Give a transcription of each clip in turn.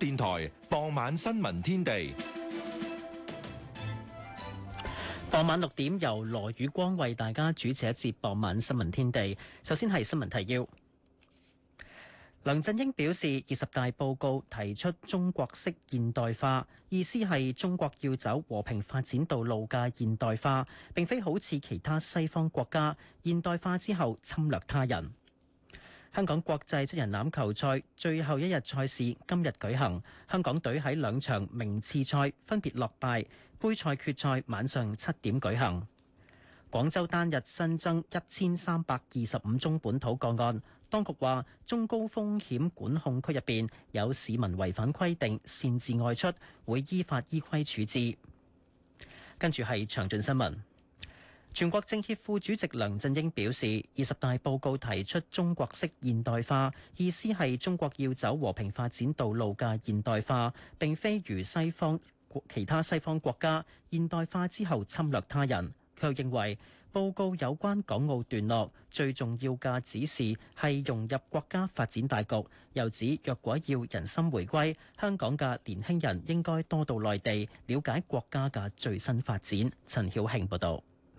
電台傍晚新聞天地，傍晚六點由羅宇光為大家主持一節傍晚新聞天地。首先係新聞提要。梁振英表示，二十大報告提出中國式現代化，意思係中國要走和平發展道路嘅現代化，並非好似其他西方國家現代化之後侵略他人。香港國際七人欖球賽最後一日賽事今日舉行，香港隊喺兩場名次賽分別落敗，杯賽決賽晚上七點舉行。廣州單日新增一千三百二十五宗本土個案，當局話中高風險管控區入邊有市民違反規定擅自外出，會依法依規處置。跟住係詳盡新聞。全國政協副主席梁振英表示，二十大報告提出中國式現代化，意思係中國要走和平發展道路嘅現代化，並非如西方其他西方國家現代化之後侵略他人。佢認為報告有關港澳段落最重要嘅指示係融入國家發展大局。又指若果要人心回歸，香港嘅年輕人應該多到內地了解國家嘅最新發展。陳曉慶報道。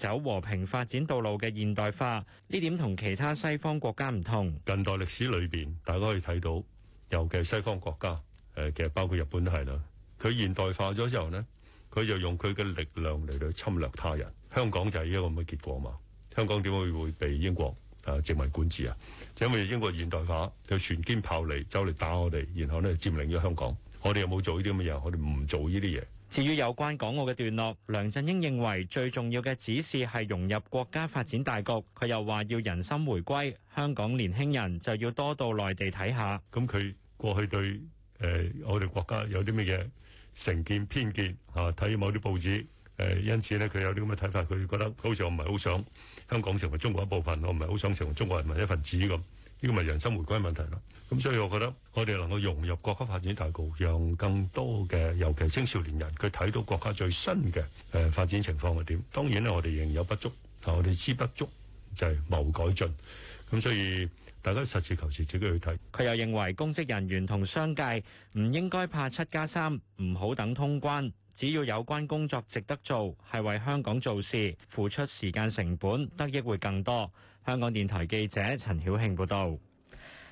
走和平發展道路嘅現代化，呢點同其他西方國家唔同。近代歷史裏邊，大家可以睇到，尤其係西方國家，誒，其實包括日本都係啦。佢現代化咗之後呢，佢就用佢嘅力量嚟到侵略他人。香港就係一個咁嘅結果嘛。香港點會會被英國誒殖民管治啊？就因為英國現代化，就船堅炮利走嚟打我哋，然後呢佔領咗香港。我哋有冇做呢啲咁嘅嘢？我哋唔做呢啲嘢。至於有關港澳嘅段落，梁振英認為最重要嘅指示係融入國家發展大局。佢又話要人心回歸，香港年輕人就要多到內地睇下。咁佢過去對誒我哋國家有啲乜嘢成見偏見啊，睇某啲報紙誒，因此咧佢有啲咁嘅睇法，佢覺得好似我唔係好想香港成為中國一部分，我唔係好想成為中國人民一份子咁。呢個咪人生回歸問題啦，咁所以我覺得我哋能夠融入國家發展大局，讓更多嘅，尤其青少年人，佢睇到國家最新嘅誒發展情況係點。當然咧，我哋仍有不足，我哋知不足就係謀改進。咁所以大家實事求是自己去睇。佢又認為公職人員同商界唔應該怕七加三，唔好等通關。只要有關工作值得做，係為香港做事，付出時間成本，得益會更多。香港電台記者陳曉慶報道，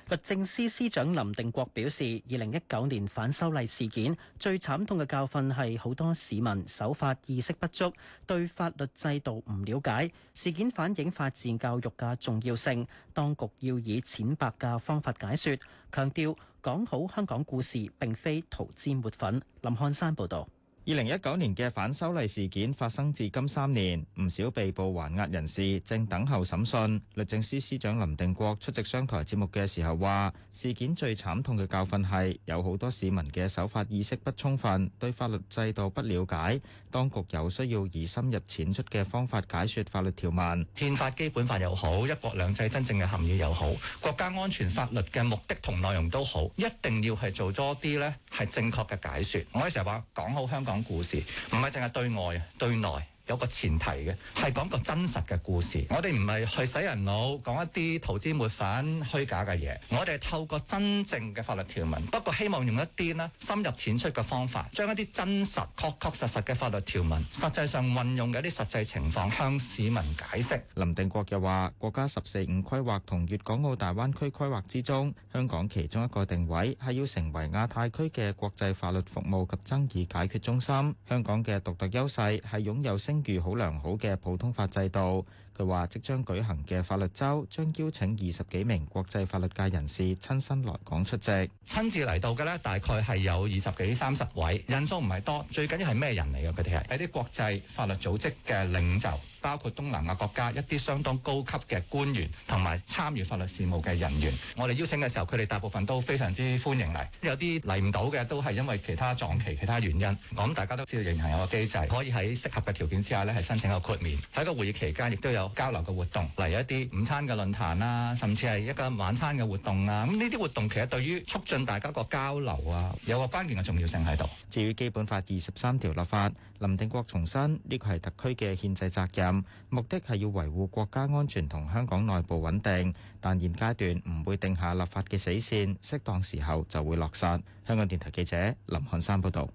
律政司司長林定國表示，二零一九年反修例事件最慘痛嘅教訓係好多市民守法意識不足，對法律制度唔了解。事件反映法治教育嘅重要性，當局要以淺白嘅方法解說，強調講好香港故事，並非塗脂抹粉。林漢山報道。二零一九年嘅反修例事件發生至今三年，唔少被捕還押人士正等候審訊。律政司司長林定國出席商台節目嘅時候話：事件最慘痛嘅教訓係，有好多市民嘅守法意識不充分，對法律制度不了解。當局有需要以深入淺出嘅方法解說法律條文。憲法基本法又好，一國兩制真正嘅含義又好，國家安全法律嘅目的同內容都好，一定要係做多啲咧，係正確嘅解說，我哋成日話講好香港故事唔係淨係對外啊，對內。有個前提嘅，係講個真實嘅故事。我哋唔係去洗人腦講一啲投資沒反虛假嘅嘢。我哋透過真正嘅法律條文，不過希望用一啲咧深入淺出嘅方法，將一啲真實確確實實嘅法律條文，實際上運用嘅一啲實際情況向市民解釋。林定國又話，國家十四五規劃同粵港澳大灣區規劃之中，香港其中一個定位係要成為亞太區嘅國際法律服務及爭議解決中心。香港嘅獨特優勢係擁有星。具好良好嘅普通法制度。就話：即將舉行嘅法律週將邀請二十幾名國際法律界人士親身來港出席。親自嚟到嘅呢，大概係有二十幾三十位，人數唔係多。最緊要係咩人嚟㗎？佢哋係係啲國際法律組織嘅領袖，包括東南亞國家一啲相當高級嘅官員同埋參與法律事務嘅人員。我哋邀請嘅時候，佢哋大部分都非常之歡迎嚟。有啲嚟唔到嘅，都係因為其他撞期、其他原因。我諗大家都知道，仍然有個機制，可以喺適合嘅條件之下呢，係申請一個豁免。喺個會議期間，亦都有。交流嘅活動，例如一啲午餐嘅論壇啦，甚至係一個晚餐嘅活動啊！咁呢啲活動其實對於促進大家個交流啊，有個關鍵嘅重要性喺度。至於基本法二十三條立法，林定國重申呢個係特區嘅憲制責任，目的係要維護國家安全同香港內部穩定，但現階段唔會定下立法嘅死線，適當時候就會落實。香港電台記者林漢山報導。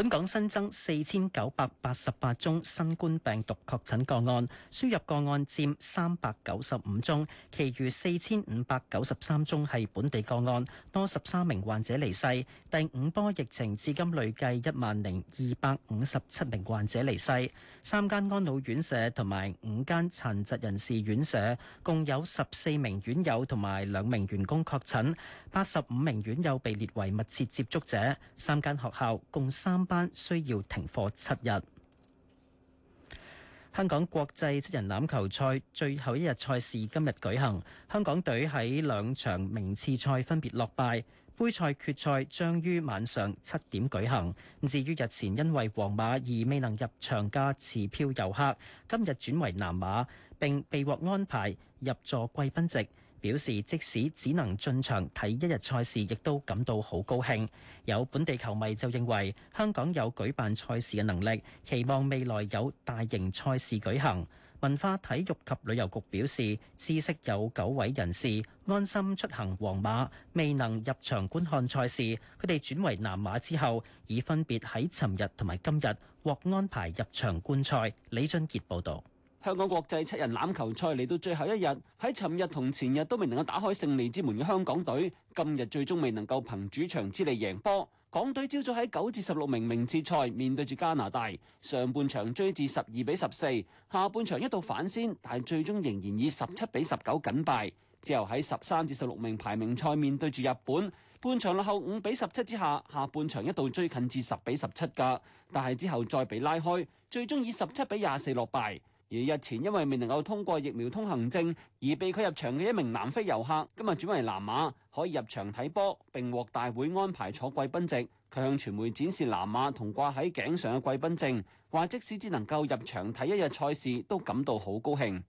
本港新增四千九百八十八宗新冠病毒確診個案，輸入個案佔三百九十五宗，其餘四千五百九十三宗係本地個案，多十三名患者離世。第五波疫情至今累計一萬零二百五十七名患者離世。三間安老院舍同埋五間殘疾人士院舍共有十四名院友同埋兩名員工確診。八十五名院友被列為密切接觸者，三間學校共三班需要停課七日。香港國際七人欖球賽最後一日賽事今日舉行，香港隊喺兩場名次賽分別落敗，杯賽決賽將於晚上七點舉行。至於日前因為皇馬而未能入場加持票遊客，今日轉為南馬，並被獲安排入座貴賓席。表示即使只能進場睇一日賽事，亦都感到好高興，有本地球迷就認為香港有舉辦賽事嘅能力，期望未來有大型賽事舉行。文化體育及旅遊局表示，知識有九位人士安心出行，黃碼未能入場觀看賽事，佢哋轉為藍碼之後已分別喺尋日同埋今日獲安排入場觀賽，李俊傑報道。香港國際七人欖球賽嚟到最後一日，喺尋日同前日都未能夠打開勝利之門嘅香港隊，今日最終未能夠憑主場之利贏波。港隊朝早喺九至十六名名次賽面對住加拿大，上半場追至十二比十四，下半場一度反先，但最終仍然以十七比十九緊敗。之後喺十三至十六名排名賽面對住日本，半場落後五比十七之下，下半場一度追近至十比十七㗎，但係之後再被拉開，最終以十七比廿四落敗。而日前因為未能夠通過疫苗通行證而被拒入場嘅一名南非遊客，今日轉為藍馬可以入場睇波，並獲大會安排坐貴賓席。佢向傳媒展示藍馬同掛喺頸上嘅貴賓證，話即使只能夠入場睇一日賽事，都感到好高興。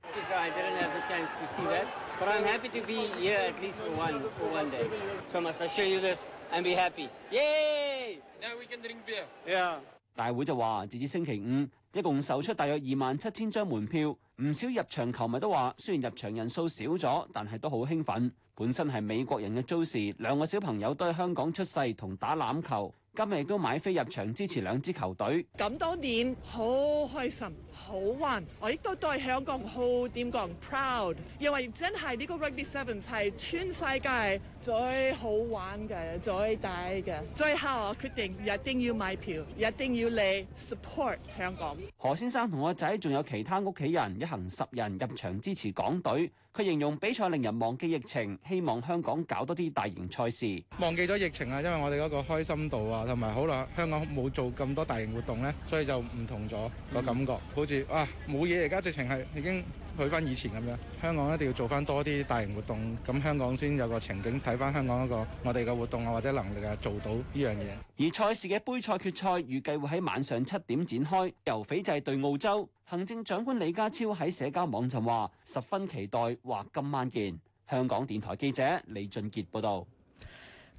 大會就話，截至星期五，一共售出大約二萬七千張門票。唔少入場球迷都話，雖然入場人數少咗，但係都好興奮。本身係美國人嘅 Joece，兩個小朋友都喺香港出世同打欖球，今日亦都買飛入場支持兩支球隊。咁多年，好開心，好玩，我亦都對香港好點講，proud，因為真係呢、這個 rugby seven 係全世界。最好玩嘅、最大嘅，最後我決定一定要買票，一定要嚟 support 香港。何先生同我仔仲有其他屋企人一行十人入場支持港隊。佢形容比賽令人忘記疫情，希望香港搞多啲大型賽事。忘記咗疫情啊，因為我哋嗰個開心度啊，同埋好耐香港冇做咁多大型活動咧，所以就唔同咗個感覺，好似啊冇嘢而家直情係已經。去翻以前咁樣，香港一定要做翻多啲大型活動，咁香港先有個情景睇翻香港一個我哋嘅活動啊，或者能力啊做到呢樣嘢。而賽事嘅杯賽決賽預計會喺晚上七點展開，由斐濟對澳洲。行政長官李家超喺社交網站話十分期待，話今晚見。香港電台記者李俊傑報道。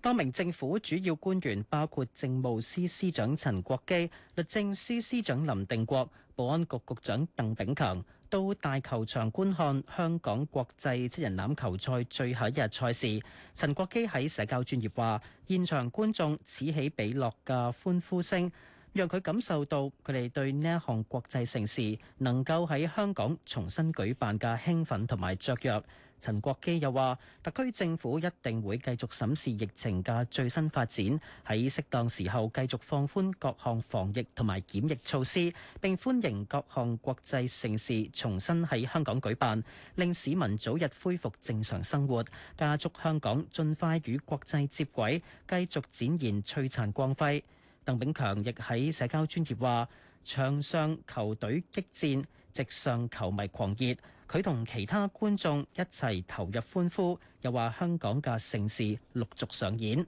多名政府主要官員包括政務司司長陳國基、律政司司長林定國、保安局局長鄧炳強，到大球場觀看香港國際七人欖球賽最後一日賽事。陳國基喺社交專業話現場觀眾此起彼落嘅歡呼聲，讓佢感受到佢哋對呢一項國際盛事能夠喺香港重新舉辦嘅興奮同埋雀躍。陳國基又話：特區政府一定會繼續審視疫情嘅最新發展，喺適當時候繼續放寬各項防疫同埋檢疫措施，並歡迎各項國際盛事重新喺香港舉辦，令市民早日恢復正常生活，加速香港盡快與國際接軌，繼續展現璀璨光輝。鄧炳強亦喺社交專頁話：場上球隊激戰，席上球迷狂熱。佢同其他觀眾一齊投入歡呼，又話香港嘅盛事陸續上演。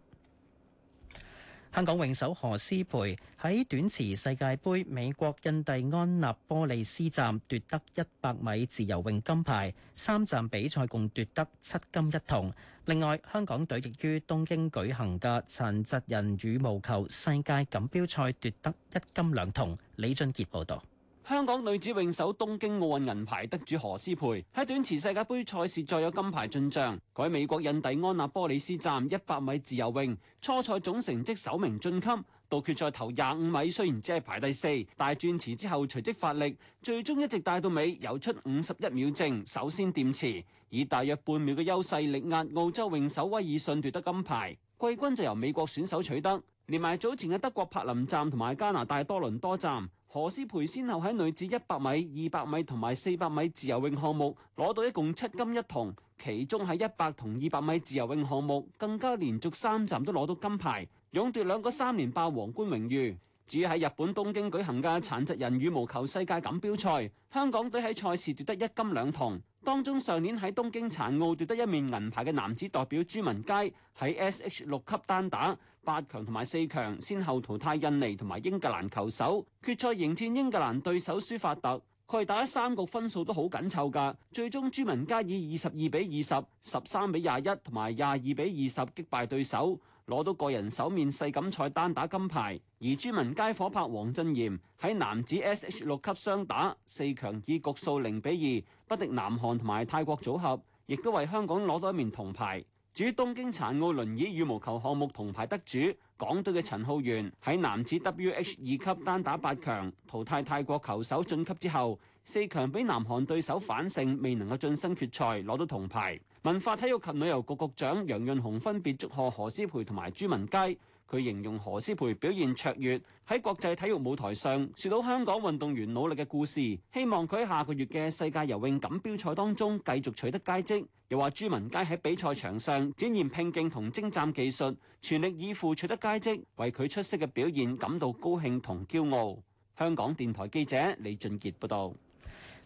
香港泳手何詩蓓喺短池世界盃美國印第安納波利斯站奪得一百米自由泳金牌，三站比賽共奪得七金一銅。另外，香港隊亦於東京舉行嘅殘疾人羽毛球世界錦標賽奪得一金兩銅。李俊傑報導。香港女子泳手東京奧運銀牌得主何詩蓓喺短池世界杯賽事再有金牌進賬，佢喺美國印第安納波里斯站一百米自由泳初賽總成績首名晉級，到決賽頭廿五米雖然只係排第四，但係轉池之後隨即發力，最終一直帶到尾游出五十一秒正，首先掂池，以大約半秒嘅優勢力壓澳洲泳手威爾遜奪得金牌，季軍就由美國選手取得，連埋早前嘅德國柏林站同埋加拿大多倫多站。何詩蓓先後喺女子一百米、二百米同埋四百米自由泳項目攞到一共七金一銅，其中喺一百同二百米自由泳項目更加連續三站都攞到金牌，勇奪兩個三連霸皇冠榮譽。至於喺日本東京舉行嘅殘疾人羽毛球世界錦標賽，香港隊喺賽事奪得一金兩銅。當中上年喺東京殘奧奪得一面銀牌嘅男子代表朱文佳喺 SH 六級單打八強同埋四強先後淘汰印尼同埋英格蘭球手，決賽迎戰英格蘭對手舒發特，佢哋打三局分數都好緊湊噶，最終朱文佳以二十二比二十、十三比廿一同埋廿二比二十擊敗對手。攞到個人首面世錦賽單打金牌，而朱文佳夥拍黃振賢喺男子 S H 六級雙打四強以局數零比二不敵南韓同埋泰國組合，亦都為香港攞到一面銅牌。至於東京殘奧輪椅羽毛球項目銅牌得主，港隊嘅陳浩源喺男子 W H 二級單打八強淘汰泰國球手晉級之後，四強俾南韓對手反勝，未能夠晉身決賽，攞到銅牌。文化體育及旅遊局局長楊潤雄分別祝賀何詩蓓同埋朱文佳。佢形容何詩蓓表現卓越，喺國際體育舞台上説到香港運動員努力嘅故事，希望佢喺下個月嘅世界游泳錦標賽當中繼續取得佳績。又話朱文佳喺比賽場上展現拼勁同精湛技術，全力以赴取得佳績，為佢出色嘅表現感到高興同驕傲。香港電台記者李俊傑報道。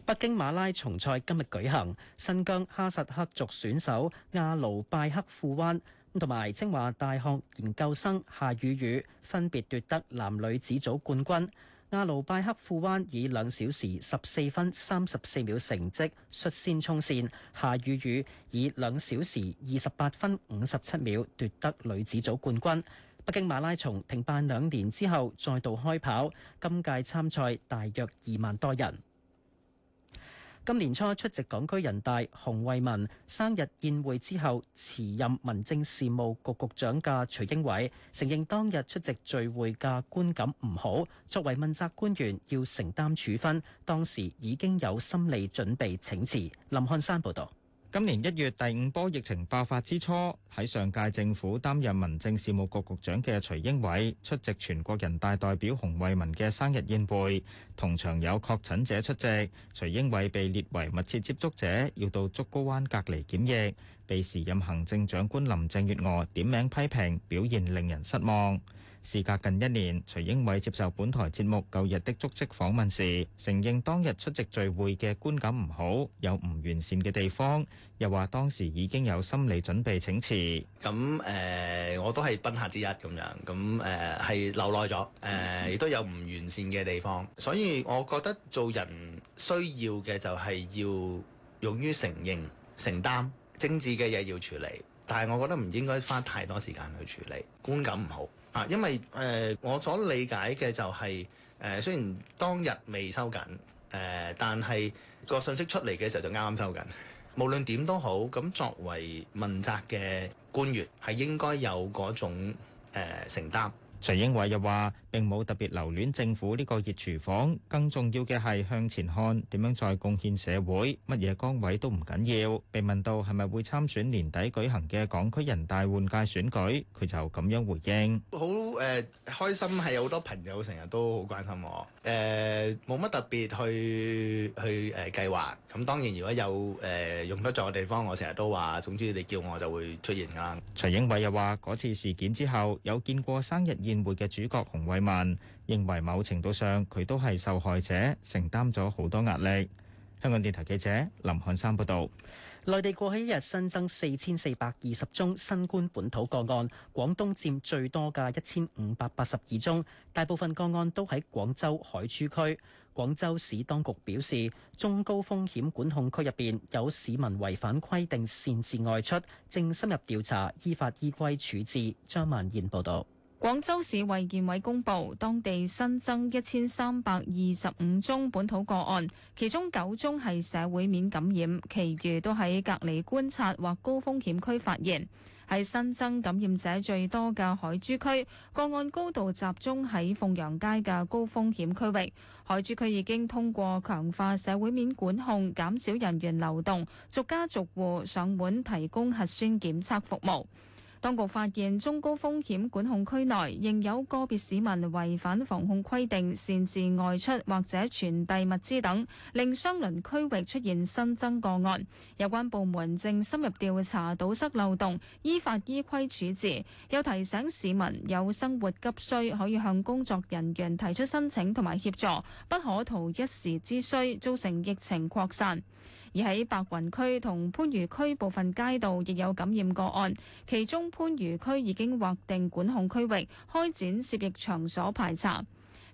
北京馬拉松賽今日舉行，新疆哈薩克族選手阿魯拜克富灣同埋清華大學研究生夏雨雨分別奪得男女子組冠軍。阿魯拜克富灣以兩小時十四分三十四秒成績率先衝線，夏雨雨以兩小時二十八分五十七秒奪得女子組冠軍。北京馬拉松停辦兩年之後再度開跑，今屆參賽大約二萬多人。今年初出席港區人大洪為民生日宴會之後，辭任民政事務局局長嘅徐英偉承認當日出席聚會嘅觀感唔好，作為問責官員要承擔處分，當時已經有心理準備請辭。林漢山報道。今年一月第五波疫情爆發之初，喺上屆政府擔任民政事務局局長嘅徐英偉出席全國人大代表洪為民嘅生日宴會，同場有確診者出席。徐英偉被列為密切接觸者，要到竹篙灣隔離檢疫，被時任行政長官林鄭月娥點名批評，表現令人失望。事隔近一年，徐英偉接受本台節目舊日的足跡訪問時承認當日出席聚會嘅觀感唔好，有唔完善嘅地方，又話當時已經有心理準備請辭，咁誒、呃、我都係賓客之一咁樣，咁誒係留耐咗，誒、呃、亦都有唔完善嘅地方，所以我覺得做人需要嘅就係要勇於承認承擔，政治嘅嘢，要處理，但係我覺得唔應該花太多時間去處理觀感唔好。啊，因為誒、呃，我所理解嘅就係、是、誒、呃，雖然當日未收緊誒、呃，但係個信息出嚟嘅時候就啱啱收緊。無論點都好，咁作為問責嘅官員係應該有嗰種、呃、承擔。徐英偉又話：並冇特別留戀政府呢個熱廚房，更重要嘅係向前看，點樣再貢獻社會，乜嘢崗位都唔緊要。被問到係咪會參選年底舉行嘅港區人大換屆選舉，佢就咁樣回應：好誒、呃，開心係好多朋友成日都好關心我。誒冇乜特別去去誒、呃、計劃，咁當然如果有誒、呃、用得着嘅地方，我成日都話，總之你叫我就會出現㗎。徐英偉又話：嗰次事件之後，有見過生日宴會嘅主角洪偉文，認為某程度上佢都係受害者，承擔咗好多壓力。香港電台記者林漢山報道。內地過去一日新增四千四百二十宗新冠本土個案，廣東佔最多嘅一千五百八十二宗，大部分個案都喺廣州海珠區。廣州市當局表示，中高風險管控區入面有市民違反規定擅自外出，正深入調查，依法依規處置。張萬燕報導。廣州市衛健委公布，當地新增一千三百二十五宗本土個案，其中九宗係社會面感染，其餘都喺隔離觀察或高風險區發現。係新增感染者最多嘅海珠區，個案高度集中喺鳳陽街嘅高風險區域。海珠區已經通過強化社會面管控，減少人員流動，逐家逐戶上門提供核酸檢測服務。當局發現中高風險管控區內仍有個別市民違反防控規定，擅自外出或者傳遞物資等，令相鄰區域出現新增個案。有關部門正深入調查堵塞漏洞，依法依規處置。又提醒市民有生活急需可以向工作人員提出申請同埋協助，不可圖一時之需造成疫情擴散。而喺白雲區同番禺區部分街道亦有感染個案，其中番禺區已經劃定管控區域，開展涉疫場所排查。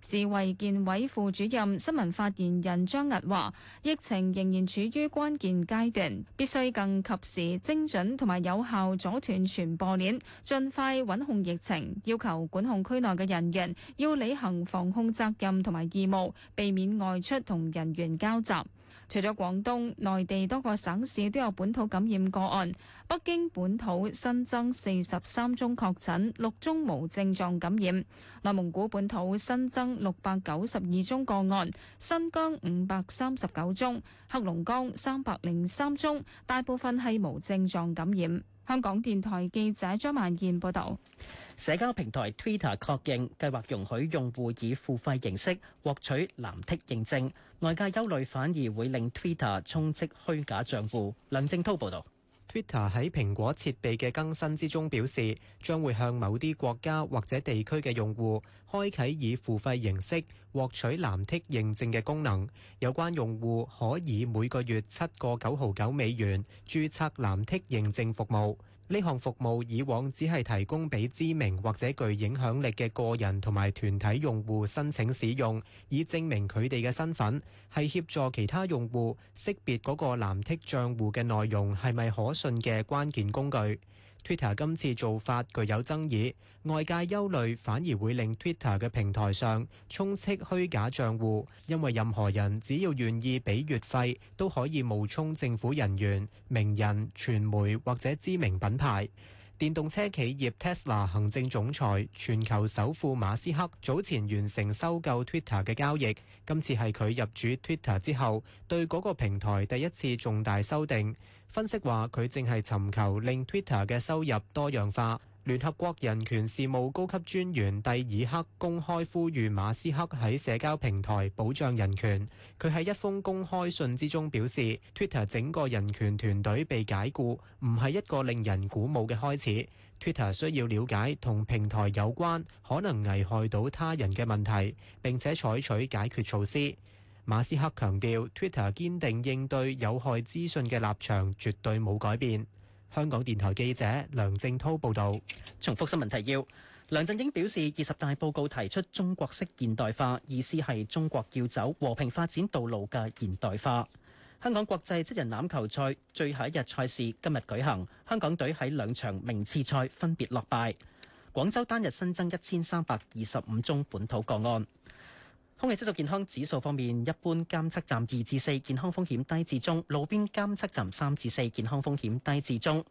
市衛健委副主任新聞發言人張日話：疫情仍然處於關鍵階段，必須更及時、精準同埋有效阻斷傳播鏈，盡快穩控疫情。要求管控區內嘅人員要履行防控責任同埋義務，避免外出同人員交集。除咗廣東，內地多個省市都有本土感染個案。北京本土新增四十三宗確診，六宗無症狀感染。內蒙古本土新增六百九十二宗個案，新疆五百三十九宗，黑龍江三百零三宗，大部分係無症狀感染。香港電台記者張曼燕報道。社交平台 Twitter 確認計劃容許用戶以付費形式獲取藍剔認證，外界憂慮反而會令 Twitter 充斥虛假賬戶，梁正濤報道。Twitter 喺蘋果設備嘅更新之中表示，將會向某啲國家或者地區嘅用戶開啟以付費形式獲取藍剔認證嘅功能。有關用戶可以每個月七個九毫九美元注冊藍剔認證服務。呢項服務以往只係提供俾知名或者具影響力嘅個人同埋團體用戶申請使用，以證明佢哋嘅身份，係協助其他用戶識別嗰個藍剔賬戶嘅內容係咪可信嘅關鍵工具。Twitter 今次做法具有爭議，外界憂慮反而會令 Twitter 嘅平台上充斥虛假帳戶，因為任何人只要願意俾月費，都可以冒充政府人員、名人、傳媒或者知名品牌。電動車企業 Tesla 行政總裁、全球首富馬斯克早前完成收購 Twitter 嘅交易，今次係佢入主 Twitter 之後，對嗰個平台第一次重大修訂。分析話佢淨係尋求令 Twitter 嘅收入多元化。聯合國人權事務高級專員蒂爾克公開呼籲馬斯克喺社交平台保障人權。佢喺一封公開信之中表示，Twitter 整個人權團隊被解雇，唔係一個令人鼓舞嘅開始。Twitter 需要了解同平台有關可能危害到他人嘅問題，並且採取解決措施。馬斯克強調，Twitter 堅定應對有害資訊嘅立場絕對冇改變。香港電台記者梁正濤報道。重複新聞提要：梁振英表示，二十大報告提出中國式現代化，意思係中國要走和平發展道路嘅現代化。香港國際七人欖球賽最後一日賽事今日舉行，香港隊喺兩場名次賽分別落敗。廣州單日新增一千三百二十五宗本土個案。空氣質素健康指數方面，一般監測站二至四，健康風險低至中；路邊監測站三至四，健康風險低至中。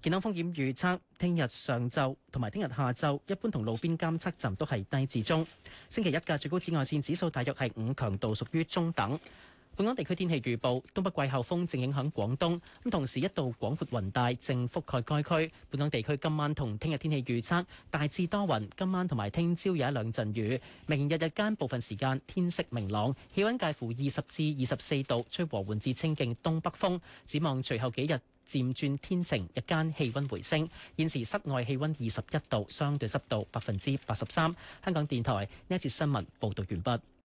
健康風險預測，聽日上晝同埋聽日下晝，一般同路邊監測站都係低至中。星期一嘅最高紫外線指數大約係五，強度屬於中等。本港地區天氣預報，東北季候風正影響廣東，咁同時一道廣闊雲帶正覆蓋該區。本港地區今晚同聽日天氣預測大致多雲，今晚同埋聽朝有一兩陣雨，明日日間部分時間天色明朗，氣温介乎二十至二十四度，吹和緩至清勁東北風。展望隨後幾日漸轉天晴，日間氣温回升。現時室外氣溫二十一度，相對濕度百分之八十三。香港電台呢一節新聞報道完畢。